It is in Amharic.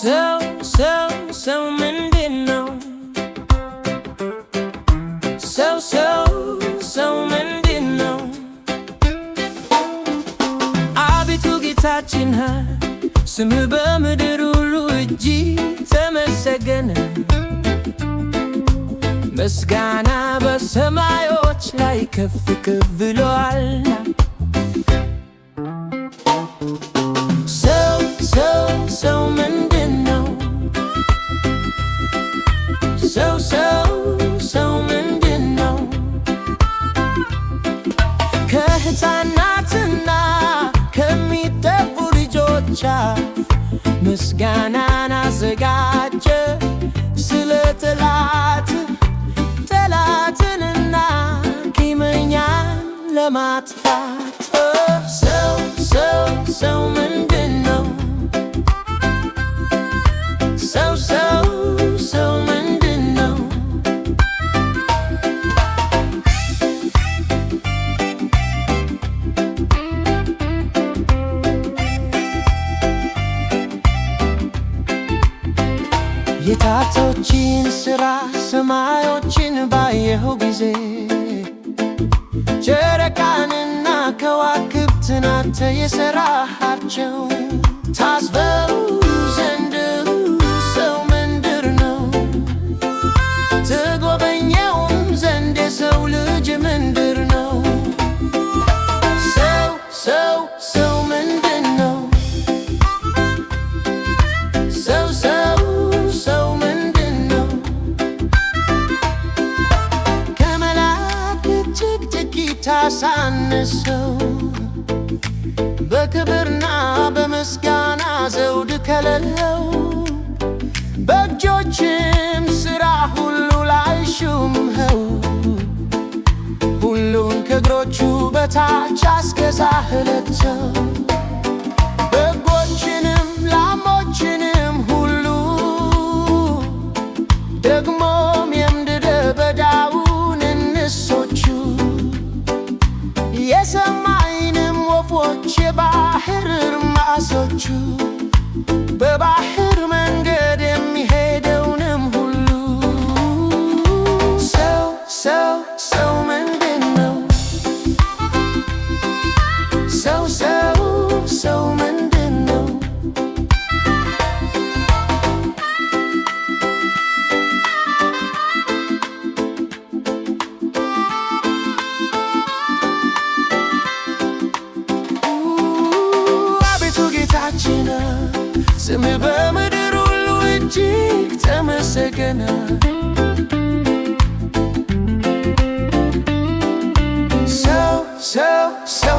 ሰው ሰው ሰው ምንድን ነው? ሰው ሰው ሰው ምንድን ነው? አቤቱ ጌታችን ስም በምድር ሁሉ እጅ ተመሰገነ። ምስጋና በሰማዮች ላይ ከፍ ከፍ ብሏል። ሰው ሰው ሰው ምንድን ነው? ከሕፃናትና ከሚጠቡ ልጆች ምስጋናን አዘጋጀ ስለ ጠላት ጠላትንና ቂመኛን ሰው ሰው የጣቶችን ስራ ሰማዮችን ባየሁ ጊዜ ጨረቃንና ከዋክብትን አንተ የሰራሃቸው ታስበው ዘንድ ሰው ምንድር ነው ትጎበኘውም ዘንድ የሰው ልጅ ምንድር ነው ሰው ሰው ሰው ሳነሰው በክብርና በምስጋና ዘውድ ከለለው በእጆችም ስራ ሁሉ ላይ ሹምኸው ሁሉን ከእግሮቹ በታች አስገዛህለቸው። so true. Baby, I hit him and get. ምስጋና ስም በምድር ሁሉ እጅግ ተመሰገነ። ሰው ሰው ሰው